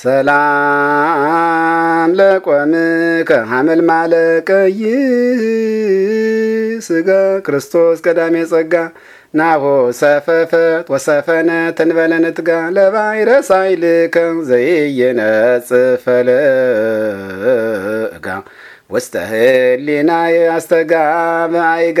ሰላም ለቆምከ ሀመልማለ ማለቀይ ስጋ ክርስቶስ ቀዳሜ ጸጋ ናሆ ሰፈፈት ወሰፈነ ተንበለ ንትጋ ለባይረ ሳይልከ ዘይየነጽህ ፈለጋ ውስተ ህሊናየ አስተጋባይጋ